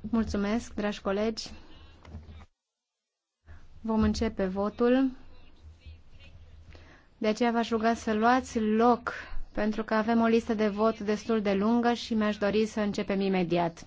Mulțumesc, dragi colegi. Vom începe votul. De aceea v-aș ruga să luați loc, pentru că avem o listă de vot destul de lungă și mi-aș dori să începem imediat.